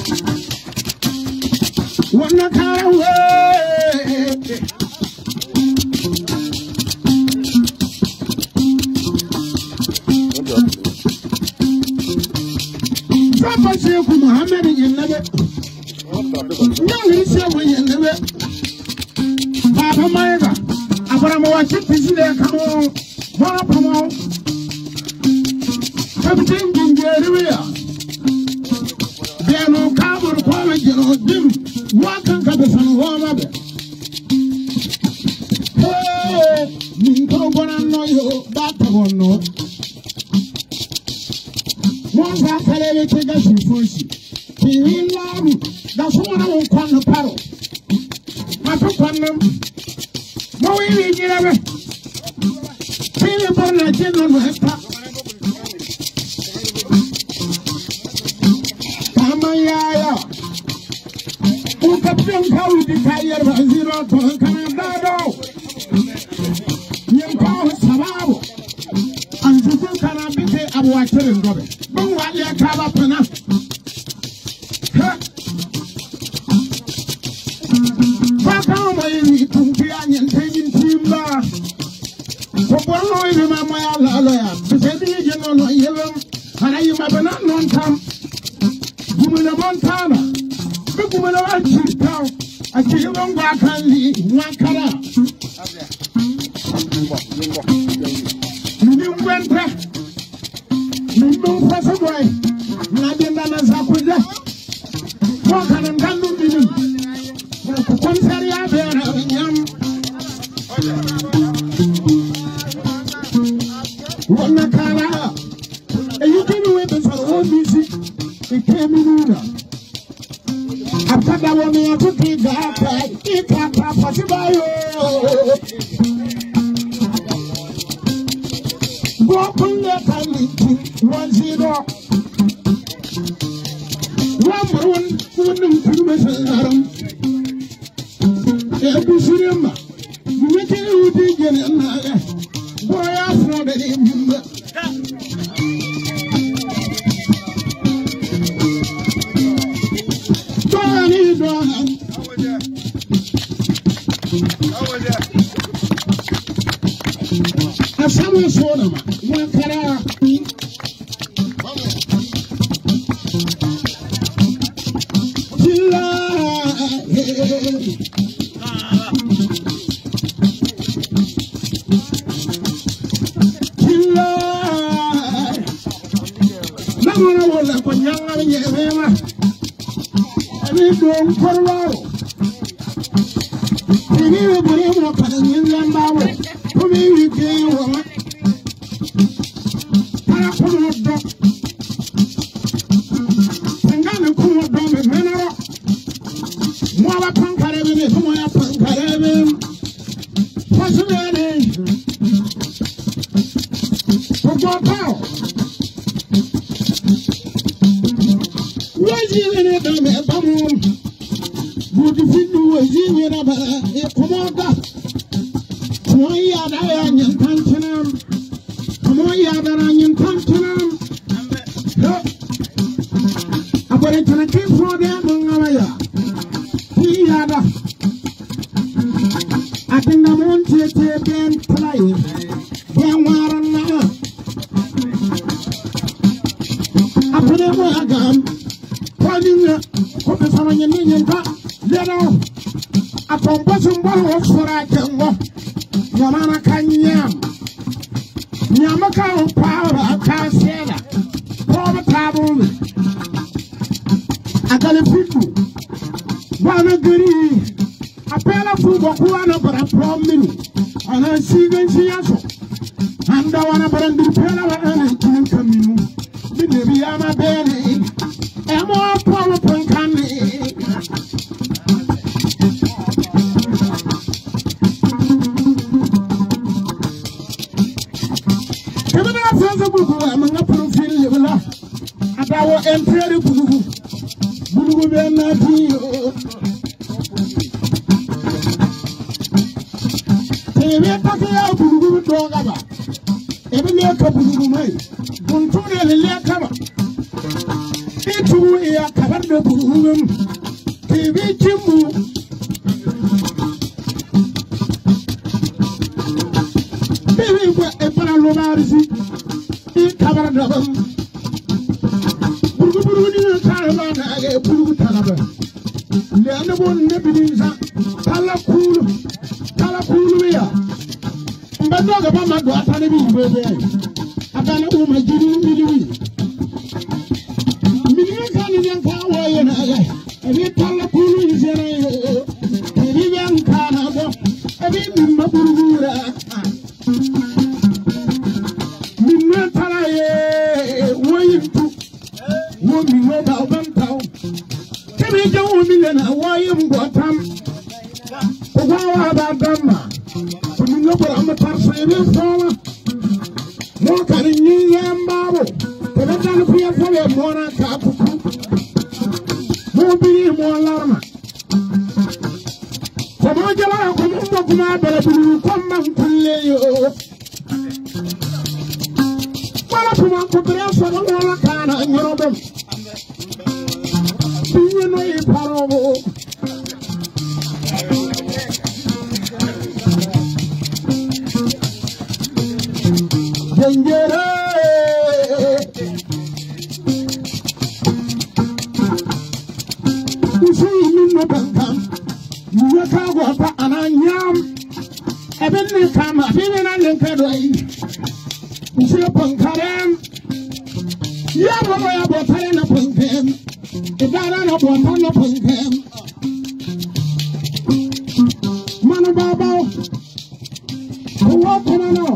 Wanna come away. Papa Sheikh Muhammad Yennabe. Nyawiri Sheikh Yennabe. Papa Maega. Abramo wa kipisi de kamo. Mwana pamo. Kapitin Gingeriwea. biru wakan ka bisa no wala be min ko bona no yo da ta gonno mon sa salele te ga shi foshi ti lamu da so na won kwan no paro ma to kwan no mo wi ni jira be ti le por na je no no hepa Nyem pa di kayer ba ziro to kana dado. Nyem pa ou sababu. Anzuku kana bite abu akere ngobe. Mungu wali akaba pena. Baka oma yini kumpia nyente yintimba. Kobwano yini mama ya lalo ya. Bisedi yini nono yelem. Hanayi mabena non tam. Gumina montana. Gumina wachi akiyiro ngwa aka nri nwa akara mini ngwe mpẹ. àpapọ̀ sí báyìí o. Broken locality one zero. Wamurun wani firme sanarun. Ebu sirimba. Mwete uti gene na ya. Boya fode gona Sankara don kwarwaro tini wo bore mo kana nyen lambawo ko mi wi ke wo yeji wene dame bamun Budi findu weji wene ba e kumoda Kumoy yada ya nyan tantanam Kumoy yada na nyan tantanam Abone tana kinfo de mangala ya Ki yada Atinda mon tete ben play Ben waran na Apone mo agam kwaninga kobe sama nyende nyenta lero atombosu mbolo ofura jengo nyamana kanyam nyama ka akasela pobe tabumi akale fitu bwana giri apela fubo kuwana bara promiru ana sigen siyaso anda wana bara ndirpela wa ana kinkamimu binebi yama bene and more PowerPoint coming. Kìnìún afẹ́fẹ́ gbogbo àmọ́ ńlá pọ̀lọ́fin lè wúlá. Àbáwọ̀ ẹ̀mpẹ́rì gbùgbù. Gbùgbù bẹ́ẹ̀ náà bí o. Èmi pàṣẹ yà gbùgbù tó ń gàbà. Èmi lè ka gbùgbù arde buhumum tiwi jimmu tiwi bwa epala lomarisi i kabara dabam burgu burgu dina karama na age burgu talaba lene bon nebidin sa tala kulu tala kulu ya mbadoga bama do atane bi bebe abana uma jiri miliwi Mora Capo mubiri mualarma komo jala ko mumbo kuma bele bulu ko man kulle yo wala kuma ko bere so wala kana nyorodom bɛka agu hɔ pa anaa nyam ɛbɛ ne ka ma bi ne na ne nka do ayi nsuo pɔnkarɛm yɛ bɔbɔ yɛ bɔtare na pɔnkɛm ɛdaara na bɔnta na pɔnkɛm manu baabaw owó kɔnɔ nɔ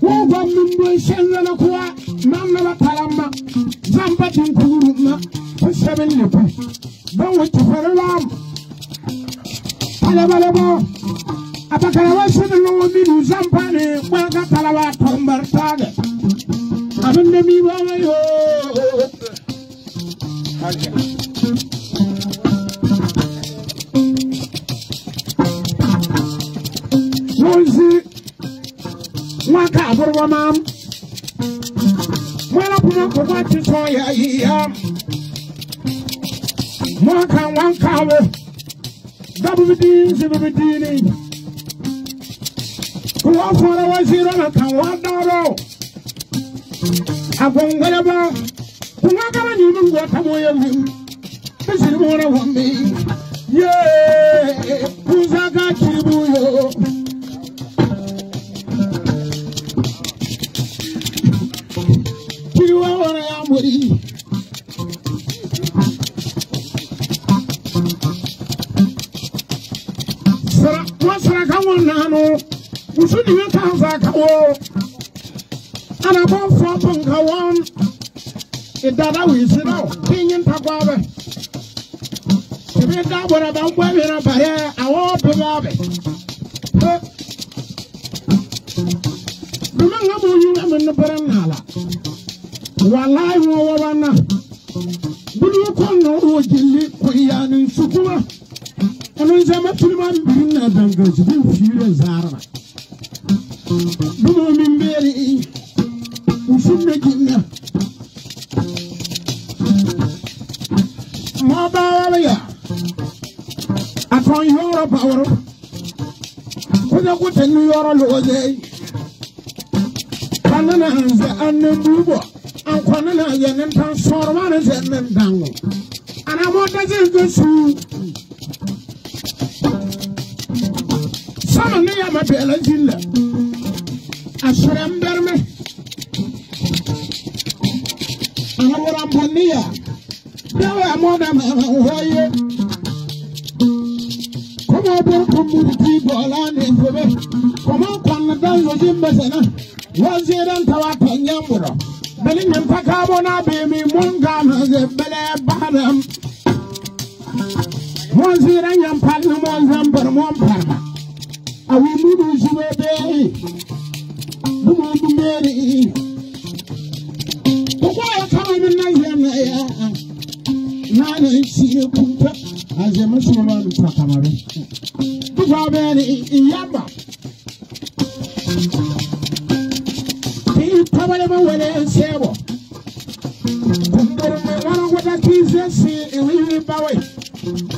wɔn gba mímu ehyɛn lɛnɛ kowa nam na ba tara ma zamba ti nkuru ma ko sɛbɛn ne ko bɛn wo ti fɛrɛ talabalaba abakarawa sani lowo minu zampane kwaka talaba tombar tage abin da mi ba mai yo Wozi waka aburwa mam mwala kuma kubati so ya yi ya mwaka wankawo sabubidin sabubidini kuwa fɔra wa zira na kan wa dɔrɔ a ko n ni min gɔ tamo ye min bisiri mɔra wa min yee kunsa ka nyinaa no wusu deɛ kansa ka wɔ anabɔfoɔ to nka wɔn idada wo isira o kinyi ntakwa abɛ ebi da bɔra ba nkwa mi na bayɛ awɔ bɛbɛ abɛ he bɛmɛ nga mo yi na mi ne bɛrɛ nala walayi wɔwɔ ba na bulu kɔn na o jeli kɔyi ya ni nsukuma ɛno nsɛma tuluma mpiri na dangote bi mfiire zaareba dumo min beere mfin na jinna mo baawala ya atɔn yɔrɔ baworo kɔjɛ ko tɛ nu yɔrɔ lɔgɔjɛ kana na nzɛ an ne bubɔ an kɔni na yɛ ne tan sɔrɔ ma ne tɛ ne dan ko ana mo dajɛ ko ne ya ma bɛɛ la jin la a sɔrɔ n bɛrɛ mɛ a wɔrɔ n bɔ ne ya dɔw y'a mɔ na ma ma wɔ ye kɔmɔ bɔ ko ti bɔ la ne fɛbɛ kɔmɔ kɔnɔ da lɔji n bɛ sɛnɛ wɔn seere n ta wa ta n yɛ mɔrɔ bɛli nyɛ nfa kaa bɔ n'a bɛ mi mun kaa ma se bɛlɛ baara wɔn seere nyɛ nfa ni wɔn zan bari wɔn bari ma awi mudu zuba beri bumu bumeri koko ya kama ni na ya na ya na na isi ya kumpa aje masu mama nufa kamare zuba beri iyamba Tabale mawele sebo Kumbarume wana wada kize si iwi bawe Kumbarume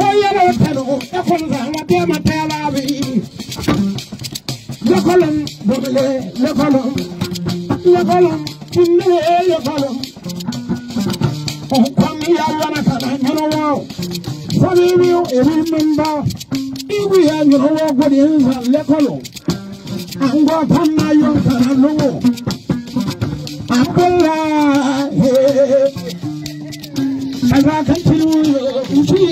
ahoyere pelo efonza ngatema telavi yokolom bomile yokolom yokolom tinle yokolom okwami yawana kana nyorowo fọlẹ́rìó èmi mímba ibu yẹ nyorowo gbọdọ yẹn nfa lẹkọlọ àǹgọ pàmò ayọ nkàrà lọwọ àbúlá hẹ ẹgbẹ akẹ́kẹ́ yìí.